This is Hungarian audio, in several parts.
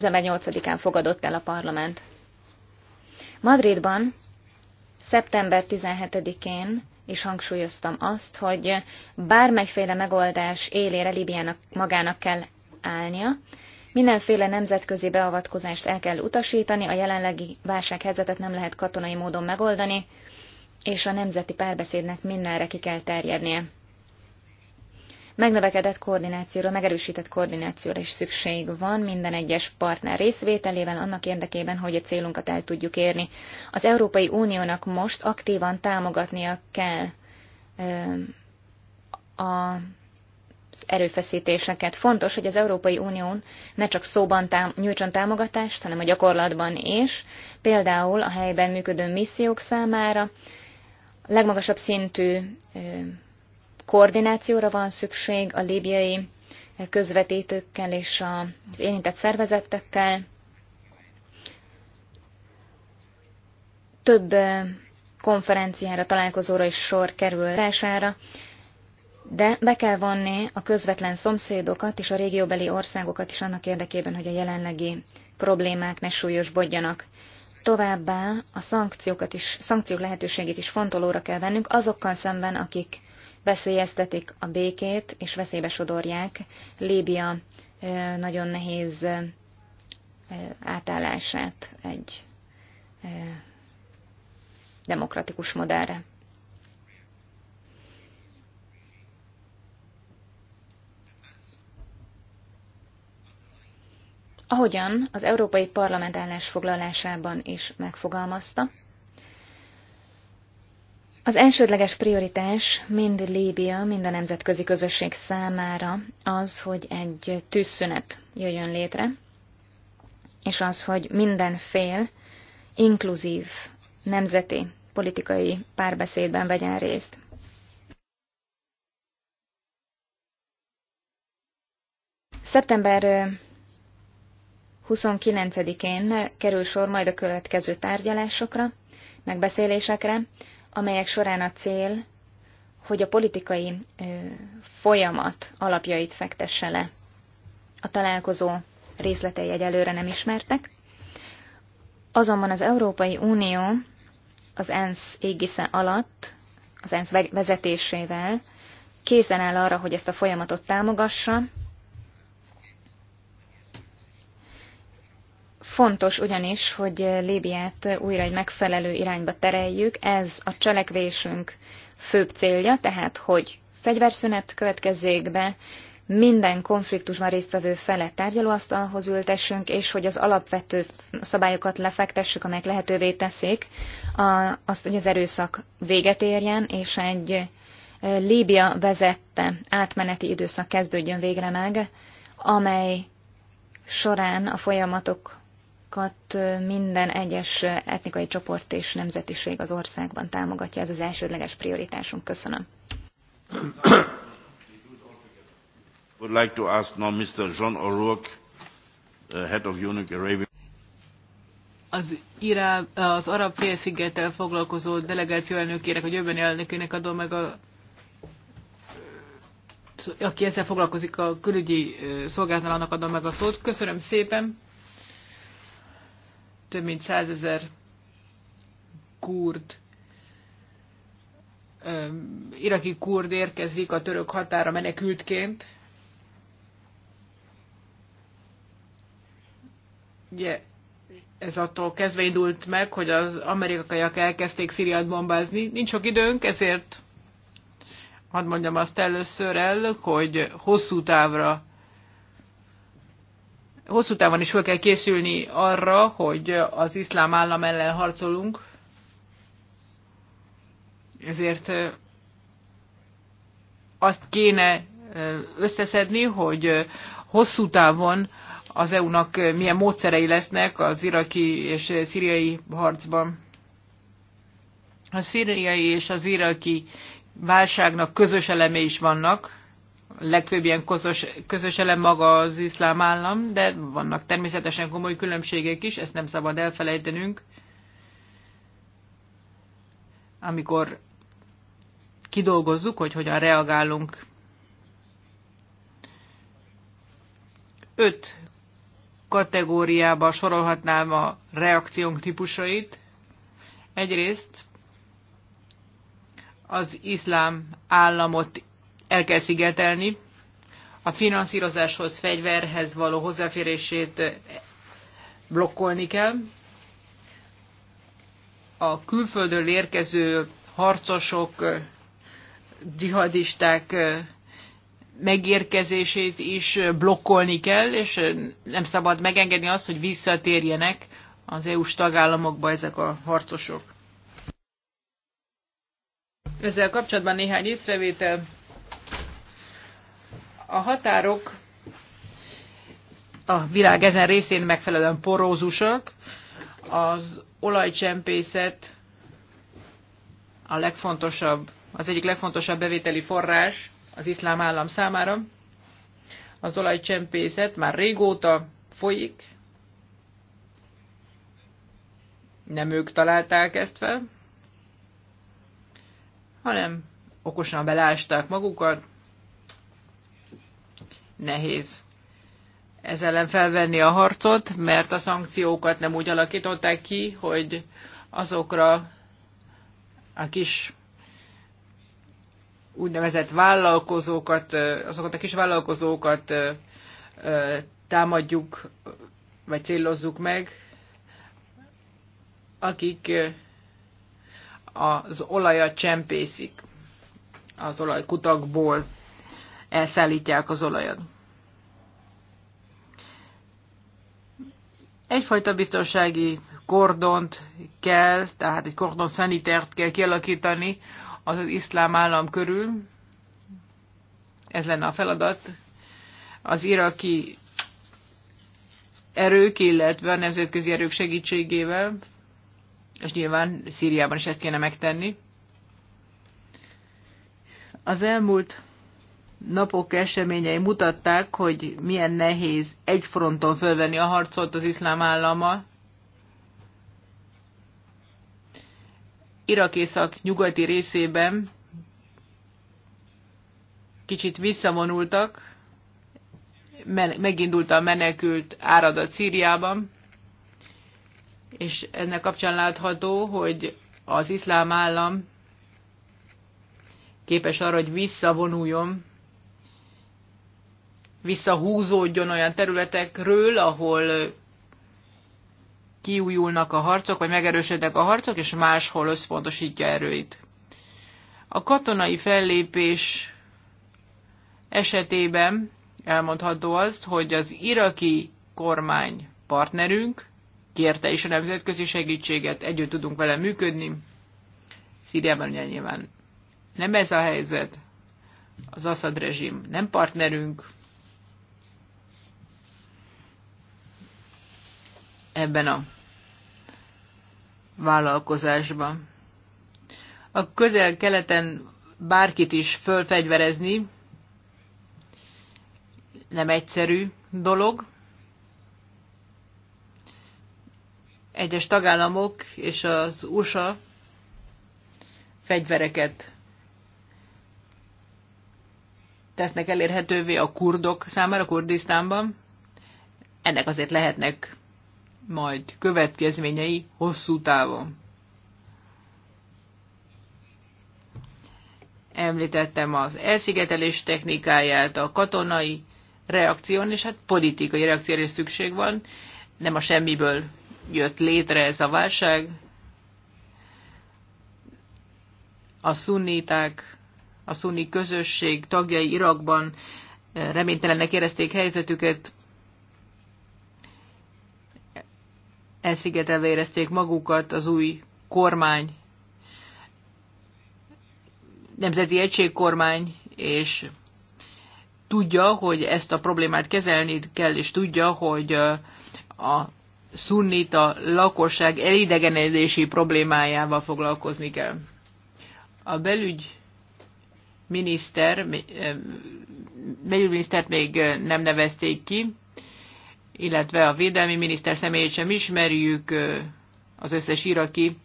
December 8-án fogadott el a parlament. Madridban szeptember 17-én és hangsúlyoztam azt, hogy bármelyféle megoldás élére Libyának magának kell állnia, mindenféle nemzetközi beavatkozást el kell utasítani, a jelenlegi válsághelyzetet nem lehet katonai módon megoldani, és a nemzeti párbeszédnek mindenre ki kell terjednie megnövekedett koordinációra, megerősített koordinációra is szükség van minden egyes partner részvételével, annak érdekében, hogy a célunkat el tudjuk érni. Az Európai Uniónak most aktívan támogatnia kell a az erőfeszítéseket. Fontos, hogy az Európai Unión ne csak szóban tám- nyújtson támogatást, hanem a gyakorlatban is, például a helyben működő missziók számára, legmagasabb szintű Koordinációra van szükség a líbiai közvetítőkkel és az érintett szervezetekkel. Több konferenciára, találkozóra is sor kerül rására, de be kell vonni a közvetlen szomszédokat és a régióbeli országokat is annak érdekében, hogy a jelenlegi problémák ne súlyosbodjanak. Továbbá a szankciókat is, szankciók lehetőségét is fontolóra kell vennünk azokkal szemben, akik veszélyeztetik a békét, és veszélybe sodorják Líbia nagyon nehéz átállását egy demokratikus modellre. Ahogyan az Európai Parlament állásfoglalásában is megfogalmazta, az elsődleges prioritás mind Líbia, mind a nemzetközi közösség számára az, hogy egy tűzszünet jöjjön létre, és az, hogy minden fél inkluzív nemzeti politikai párbeszédben vegyen részt. Szeptember 29-én kerül sor majd a következő tárgyalásokra, megbeszélésekre, amelyek során a cél, hogy a politikai folyamat alapjait fektesse le. A találkozó részletei egyelőre nem ismertek, azonban az Európai Unió az ENSZ égisze alatt, az ENSZ vezetésével készen áll arra, hogy ezt a folyamatot támogassa, Fontos ugyanis, hogy Líbiát újra egy megfelelő irányba tereljük. Ez a cselekvésünk főbb célja, tehát hogy fegyverszünet következzék be, minden konfliktusban résztvevő fele tárgyalóasztalhoz ültessünk, és hogy az alapvető szabályokat lefektessük, amelyek lehetővé teszik a, azt, hogy az erőszak véget érjen, és egy e, Líbia vezette átmeneti időszak kezdődjön végre meg, amely során a folyamatok Kat minden egyes etnikai csoport és nemzetiség az országban támogatja, ez az elsődleges prioritásunk. Köszönöm. Would like to ask now Mr. John O'Rourke, uh, head of Arabia. Az, Irá, az arab félszigettel foglalkozó delegáció elnökének, a jövőbeni elnökének adom meg a aki ezzel foglalkozik a külügyi szolgáltalának adom meg a szót. Köszönöm szépen! több mint százezer kurd, iraki kurd érkezik a török határa menekültként. Ugye ez attól kezdve indult meg, hogy az amerikaiak elkezdték Szíriát bombázni. Nincs sok időnk, ezért hadd mondjam azt először el, hogy hosszú távra hosszú távon is fel kell készülni arra, hogy az iszlám állam ellen harcolunk, ezért azt kéne összeszedni, hogy hosszú távon az EU-nak milyen módszerei lesznek az iraki és szíriai harcban. A szíriai és az iraki válságnak közös elemei is vannak legfőbb ilyen közös, közös elem maga az iszlám állam, de vannak természetesen komoly különbségek is, ezt nem szabad elfelejtenünk. Amikor kidolgozzuk, hogy hogyan reagálunk. Öt kategóriába sorolhatnám a reakciónk típusait. Egyrészt az iszlám államot el kell szigetelni. A finanszírozáshoz, fegyverhez való hozzáférését eh, blokkolni kell. A külföldön érkező harcosok, eh, dzsihadisták eh, megérkezését is blokkolni kell, és nem szabad megengedni azt, hogy visszatérjenek az EU-s tagállamokba ezek a harcosok. Ezzel kapcsolatban néhány észrevétel. A határok a világ ezen részén megfelelően porózusak, az olajcsempészet a legfontosabb, az egyik legfontosabb bevételi forrás az iszlám állam számára. Az olajcsempészet már régóta folyik, nem ők találták ezt fel, hanem okosan belásták magukat, nehéz ez ellen felvenni a harcot, mert a szankciókat nem úgy alakították ki, hogy azokra a kis úgynevezett vállalkozókat, azokat a kis vállalkozókat támadjuk, vagy célozzuk meg, akik az olajat csempészik az olajkutakból elszállítják az olajat. Egyfajta biztonsági kordont kell, tehát egy kordon szanitert kell kialakítani az iszlám állam körül. Ez lenne a feladat. Az iraki erők, illetve a nemzetközi erők segítségével, és nyilván Szíriában is ezt kéne megtenni. Az elmúlt napok eseményei mutatták, hogy milyen nehéz egy fronton fölvenni a harcot az iszlám állammal. Irakészak nyugati részében kicsit visszavonultak, megindult a menekült áradat Szíriában, és ennek kapcsán látható, hogy az iszlám állam képes arra, hogy visszavonuljon visszahúzódjon olyan területekről, ahol kiújulnak a harcok, vagy megerősödnek a harcok, és máshol összpontosítja erőit. A katonai fellépés esetében elmondható azt, hogy az iraki kormány partnerünk, kérte is a nemzetközi segítséget, együtt tudunk vele működni. Szíriában ugye nyilván nem ez a helyzet, az Assad rezsim nem partnerünk, ebben a vállalkozásban. A közel-keleten bárkit is fölfegyverezni nem egyszerű dolog. Egyes tagállamok és az USA fegyvereket tesznek elérhetővé a kurdok számára a Kurdisztánban. Ennek azért lehetnek majd következményei hosszú távon. Említettem az elszigetelés technikáját, a katonai reakción, és hát politikai reakcióra is szükség van. Nem a semmiből jött létre ez a válság. A szunniták, a szunni közösség tagjai Irakban eh, reménytelennek érezték helyzetüket, elszigetelve érezték magukat az új kormány, nemzeti egységkormány, és tudja, hogy ezt a problémát kezelni kell, és tudja, hogy a szunnita lakosság elidegenedési problémájával foglalkozni kell. A belügy miniszter, belügyminisztert még nem nevezték ki, illetve a védelmi miniszter személyét sem ismerjük, az összes iraki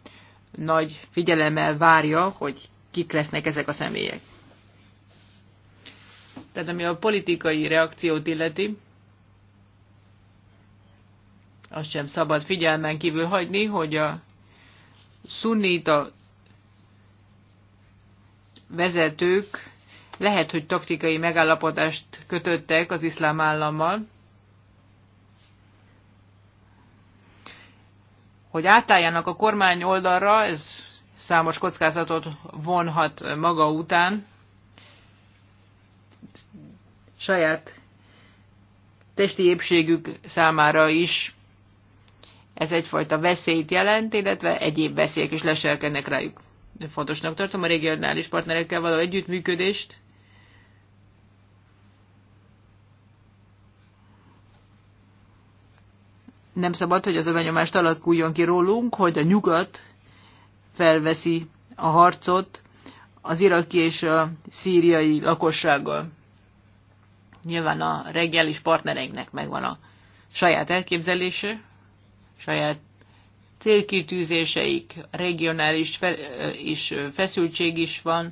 nagy figyelemmel várja, hogy kik lesznek ezek a személyek. Tehát ami a politikai reakciót illeti, azt sem szabad figyelmen kívül hagyni, hogy a szunnita vezetők lehet, hogy taktikai megállapodást kötöttek az iszlám állammal, hogy átálljanak a kormány oldalra, ez számos kockázatot vonhat maga után. Saját testi épségük számára is ez egyfajta veszélyt jelent, illetve egyéb veszélyek is leselkednek rájuk. Fontosnak tartom a regionális partnerekkel való együttműködést, nem szabad, hogy az a benyomást alakuljon ki rólunk, hogy a nyugat felveszi a harcot az iraki és a szíriai lakossággal. Nyilván a regionális partnereinknek megvan a saját elképzelése, saját célkitűzéseik, regionális fe, is feszültség is van.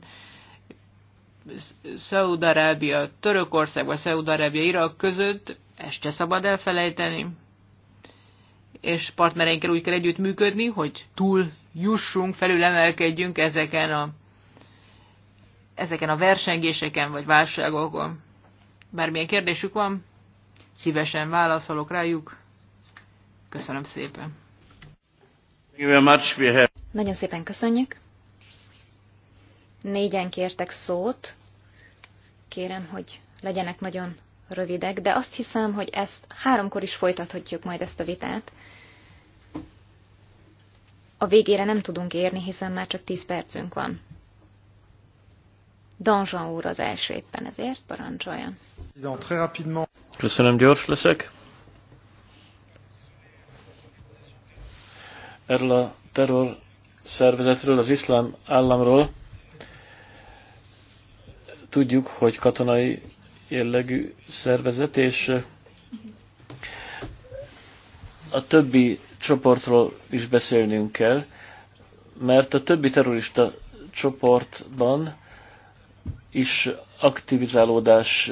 Szaudarábia, Törökország vagy Szaudarábia, Irak között, ezt se szabad elfelejteni és partnereinkkel úgy kell együttműködni, hogy túl jussunk, felül emelkedjünk ezeken a, ezeken a versengéseken vagy válságokon. Bármilyen kérdésük van, szívesen válaszolok rájuk. Köszönöm szépen. Nagyon szépen köszönjük. Négyen kértek szót. Kérem, hogy legyenek nagyon rövidek, de azt hiszem, hogy ezt háromkor is folytathatjuk majd ezt a vitát. A végére nem tudunk érni, hiszen már csak tíz percünk van. Danzsan úr az első éppen, ezért parancsoljon. Köszönöm, gyors leszek. Erről a terror szervezetről, az iszlám államról tudjuk, hogy katonai jellegű szervezet, és a többi csoportról is beszélnünk kell, mert a többi terrorista csoportban is aktivizálódás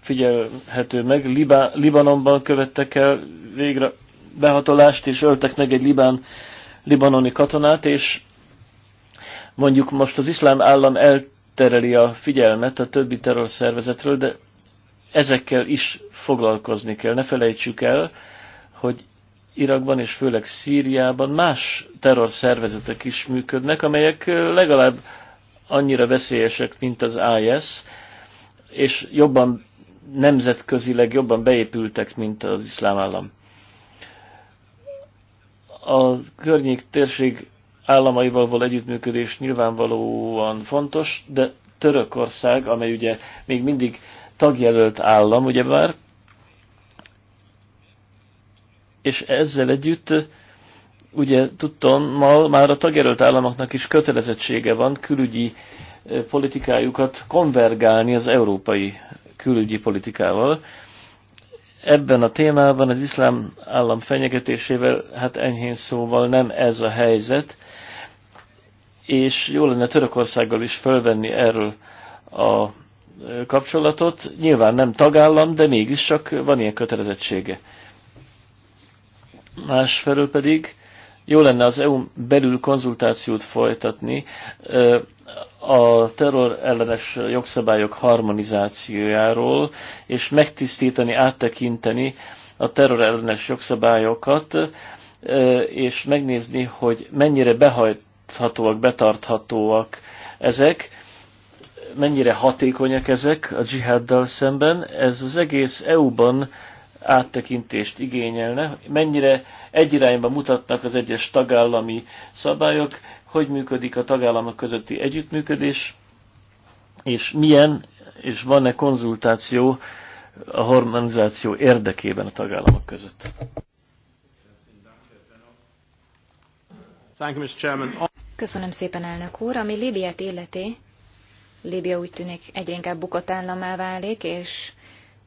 figyelhető meg. Libá, Libanonban követtek el végre behatolást, és öltek meg egy libán, libanoni katonát, és mondjuk most az iszlám állam el áttereli a figyelmet a többi terrorszervezetről, de ezekkel is foglalkozni kell. Ne felejtsük el, hogy Irakban és főleg Szíriában más terrorszervezetek is működnek, amelyek legalább annyira veszélyesek, mint az IS, és jobban nemzetközileg jobban beépültek, mint az iszlám állam. A környék térség államaival való együttműködés nyilvánvalóan fontos, de Törökország, amely ugye még mindig tagjelölt állam, ugye már, és ezzel együtt ugye ma már a tagjelölt államoknak is kötelezettsége van külügyi politikájukat konvergálni az európai külügyi politikával. Ebben a témában az iszlám állam fenyegetésével, hát enyhén szóval nem ez a helyzet, és jó lenne Törökországgal is fölvenni erről a kapcsolatot. Nyilván nem tagállam, de mégiscsak van ilyen kötelezettsége. Másfelől pedig jó lenne az EU belül konzultációt folytatni a terror ellenes jogszabályok harmonizációjáról, és megtisztítani, áttekinteni a terror ellenes jogszabályokat, és megnézni, hogy mennyire behajt, tarthatóak, betarthatóak ezek, mennyire hatékonyak ezek a dzsihaddal szemben, ez az egész EU-ban áttekintést igényelne, mennyire egy irányba mutatnak az egyes tagállami szabályok, hogy működik a tagállamok közötti együttműködés, és milyen, és van-e konzultáció a harmonizáció érdekében a tagállamok között. Köszönöm szépen, elnök úr. Ami Líbiát illeti, Líbia úgy tűnik egyre inkább bukott államá válik, és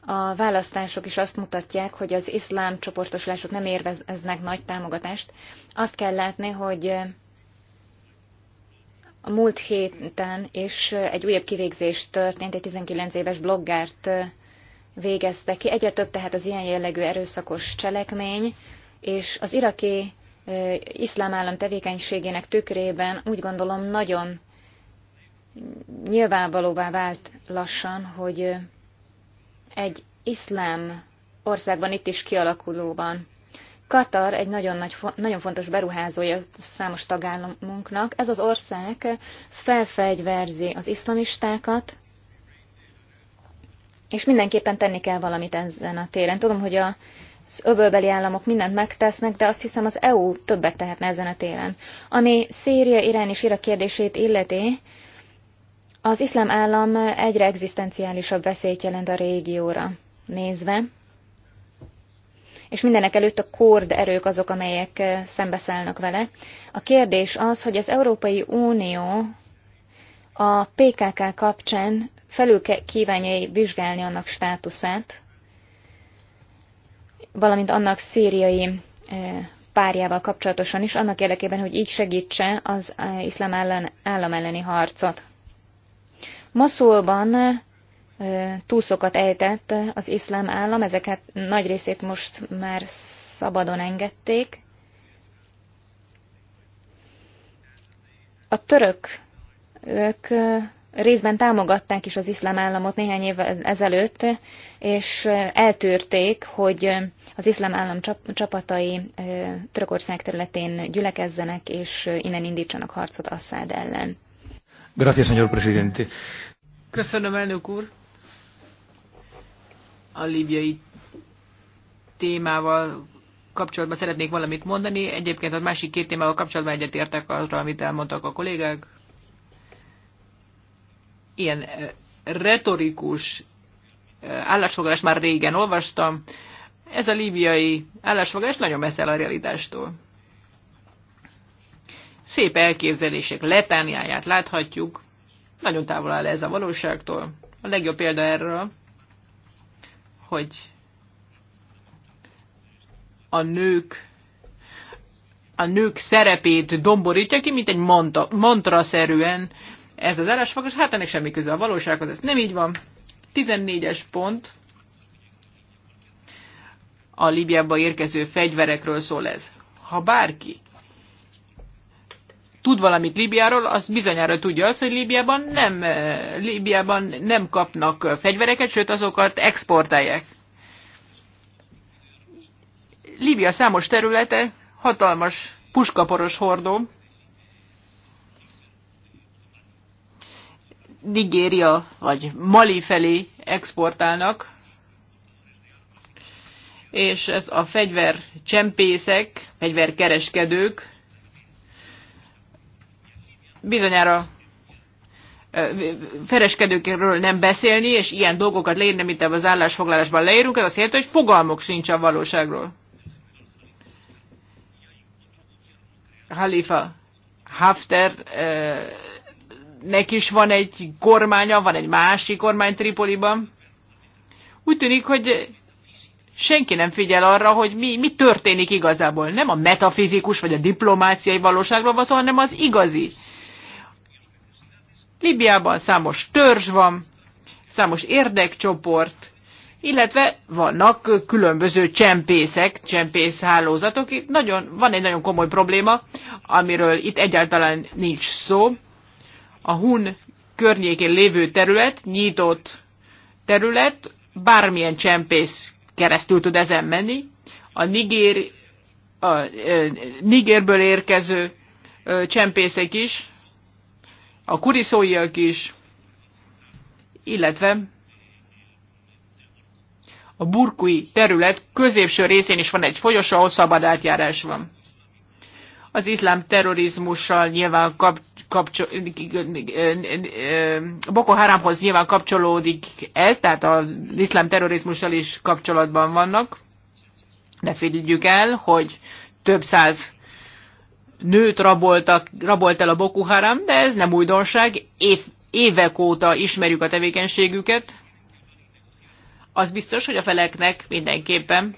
a választások is azt mutatják, hogy az iszlám csoportosulások nem érveznek nagy támogatást. Azt kell látni, hogy a múlt héten is egy újabb kivégzés történt, egy 19 éves bloggárt végezte ki. Egyre több tehát az ilyen jellegű erőszakos cselekmény, és az iraki iszlám állam tevékenységének tükrében úgy gondolom nagyon nyilvánvalóvá vált lassan, hogy egy iszlám országban itt is kialakulóban. Katar egy nagyon, nagy, nagyon fontos beruházója számos tagállamunknak. Ez az ország felfegyverzi az iszlamistákat, és mindenképpen tenni kell valamit ezen a téren. Tudom, hogy a az öbölbeli államok mindent megtesznek, de azt hiszem az EU többet tehetne ezen a téren. Ami Szíria, Irán és Irak kérdését illeti, az iszlám állam egyre egzisztenciálisabb veszélyt jelent a régióra nézve, és mindenek előtt a kord erők azok, amelyek eh, szembeszállnak vele. A kérdés az, hogy az Európai Unió a PKK kapcsán felül kívánja vizsgálni annak státuszát, valamint annak szíriai eh, párjával kapcsolatosan is, annak érdekében, hogy így segítse az eh, iszlám ellen, állam elleni harcot. Maszulban eh, túszokat ejtett az iszlám állam, ezeket nagy részét most már szabadon engedték. A török ők részben támogatták is az iszlám államot néhány év ezelőtt, és eltűrték, hogy az iszlám állam csapatai Törökország területén gyülekezzenek, és innen indítsanak harcot Assad ellen. Gracias, señor presidente. Köszönöm, elnök úr. A libiai témával kapcsolatban szeretnék valamit mondani. Egyébként a másik két témával kapcsolatban egyetértek azra, amit elmondtak a kollégák ilyen retorikus állásfoglalást már régen olvastam. Ez a líbiai állásfoglalás nagyon messze a realitástól. Szép elképzelések letániáját láthatjuk, nagyon távol áll ez a valóságtól. A legjobb példa erről, hogy a nők a nők szerepét domborítja ki, mint egy mantra, szerűen ez az állásfog, és hát ennek semmi köze a valósághoz, ez nem így van. 14-es pont, a Libiába érkező fegyverekről szól ez. Ha bárki tud valamit Líbiáról, az bizonyára tudja azt, hogy Líbiában nem, eh, Líbiában nem kapnak fegyvereket, sőt azokat exportálják. Líbia számos területe hatalmas puskaporos hordó, Nigéria vagy Mali felé exportálnak, és ez a fegyver csempészek, fegyverkereskedők bizonyára fereskedőkről nem beszélni, és ilyen dolgokat leírni, mint az állásfoglalásban leírunk, ez azt jelenti, hogy fogalmok sincs a valóságról. Halifa Hafter Neki is van egy kormánya, van egy másik kormány Tripoliban. Úgy tűnik, hogy senki nem figyel arra, hogy mi, mi történik igazából. Nem a metafizikus vagy a diplomáciai valóságról van szó, hanem az igazi. Libiában számos törzs van, számos érdekcsoport, illetve vannak különböző csempészek, csempészhálózatok. Itt nagyon, van egy nagyon komoly probléma, amiről itt egyáltalán nincs szó a Hun környékén lévő terület, nyitott terület, bármilyen csempész keresztül tud ezen menni. A, Nigér, a, e, Nigérből érkező e, csempészek is, a kuriszóiak is, illetve a burkui terület középső részén is van egy folyosó, ahol szabad átjárás van. Az iszlám terrorizmussal nyilván kap, kapcsol, Boko Haramhoz nyilván kapcsolódik ez, tehát az iszlám terrorizmussal is kapcsolatban vannak. Ne figyeljük el, hogy több száz nőt raboltak, rabolt el a Boko Haram, de ez nem újdonság, Év, évek óta ismerjük a tevékenységüket. Az biztos, hogy a feleknek mindenképpen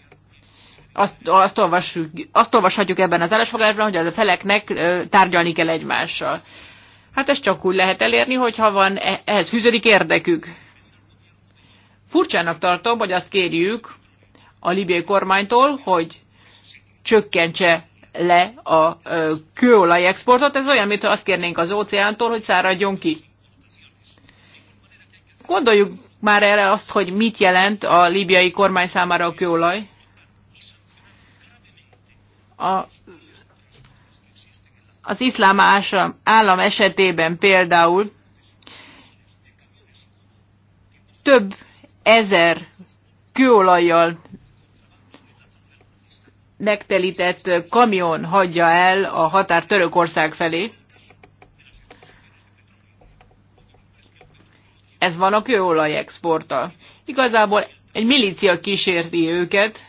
azt, azt, olvassuk, azt olvashatjuk ebben az állásfoglalásban, hogy a feleknek tárgyalni kell egymással. Hát ezt csak úgy lehet elérni, hogyha van e, ehhez fűződik érdekük. Furcsának tartom, hogy azt kérjük a libiai kormánytól, hogy csökkentse le a kőolaj exportot. Ez olyan, mintha azt kérnénk az óceántól, hogy száradjon ki. Gondoljuk már erre azt, hogy mit jelent a libiai kormány számára a kőolaj. A, az iszlám állam esetében például több ezer kőolajjal megtelített kamion hagyja el a határ Törökország felé. Ez van a kőolaj exporta. Igazából egy milícia kísérti őket,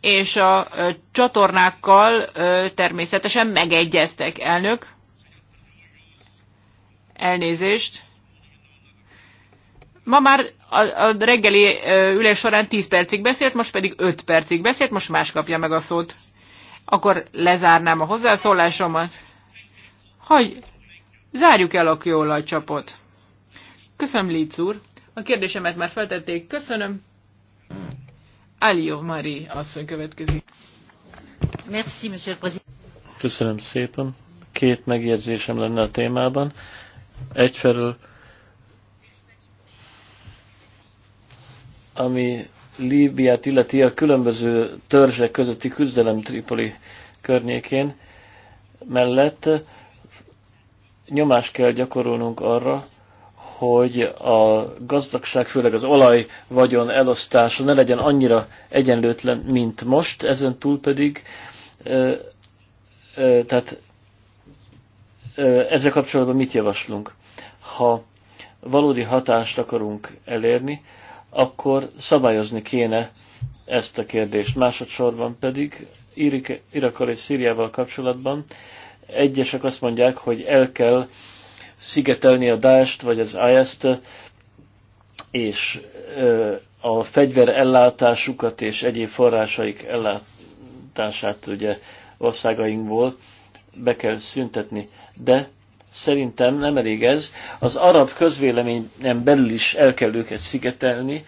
és a csatornákkal természetesen megegyeztek, elnök. Elnézést. Ma már a, a reggeli ülés során 10 percig beszélt, most pedig 5 percig beszélt, most más kapja meg a szót. Akkor lezárnám a hozzászólásomat. Hogy zárjuk el a kőolajcsapot. Köszönöm, Líc úr. A kérdésemet már feltették. Köszönöm. Alió Mari asszony következik. Merci, monsieur le président. Köszönöm szépen. Két megjegyzésem lenne a témában. Egyfelől, ami Líbiát illeti a különböző törzsek közötti küzdelem Tripoli környékén mellett nyomást kell gyakorolnunk arra, hogy a gazdagság, főleg az olaj vagyon elosztása ne legyen annyira egyenlőtlen, mint most, ezen túl pedig ö, ö, tehát ö, ezzel kapcsolatban mit javaslunk? Ha valódi hatást akarunk elérni, akkor szabályozni kéne ezt a kérdést. Másodszorban pedig Irakkal és Szíriával kapcsolatban egyesek azt mondják, hogy el kell szigetelni a Dást vagy az is és a fegyver ellátásukat és egyéb forrásaik ellátását ugye országainkból be kell szüntetni. De szerintem nem elég ez. Az arab közvéleményen belül is el kell őket szigetelni,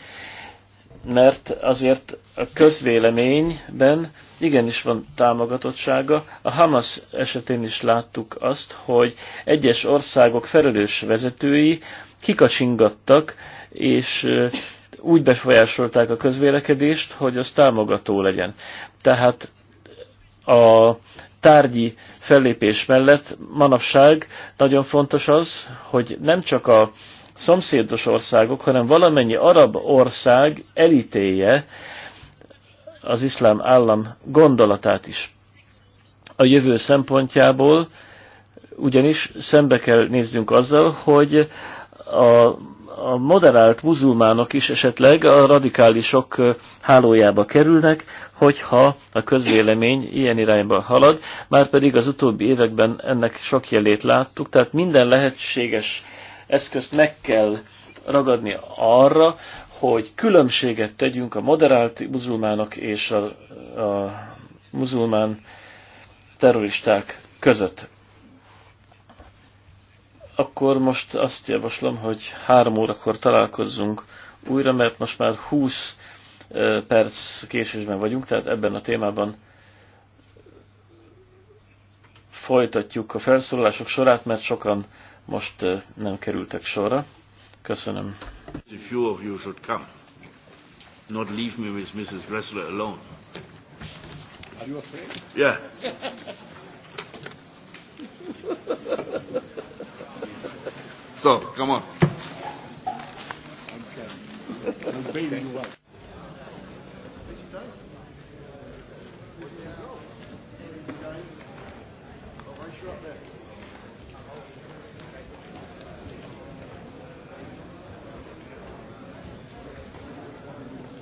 mert azért a közvéleményben igenis van támogatottsága. A Hamas esetén is láttuk azt, hogy egyes országok felelős vezetői kikacsingattak, és úgy befolyásolták a közvélekedést, hogy az támogató legyen. Tehát a tárgyi fellépés mellett manapság nagyon fontos az, hogy nem csak a szomszédos országok, hanem valamennyi arab ország elítélje az iszlám állam gondolatát is. A jövő szempontjából ugyanis szembe kell néznünk azzal, hogy a, a moderált muzulmánok is esetleg a radikálisok hálójába kerülnek, hogyha a közvélemény ilyen irányba halad, már pedig az utóbbi években ennek sok jelét láttuk, tehát minden lehetséges eszközt meg kell ragadni arra, hogy különbséget tegyünk a moderált muzulmánok és a, a muzulmán terroristák között. Akkor most azt javaslom, hogy három órakor találkozzunk újra, mert most már 20 perc késésben vagyunk, tehát ebben a témában folytatjuk a felszólalások sorát, mert sokan most nem kerültek sorra. Köszönöm. The few of you should come. Not leave me with Mrs. Gressler alone. Are you afraid? Yeah. so, come on. I'm, I'm bailing you out.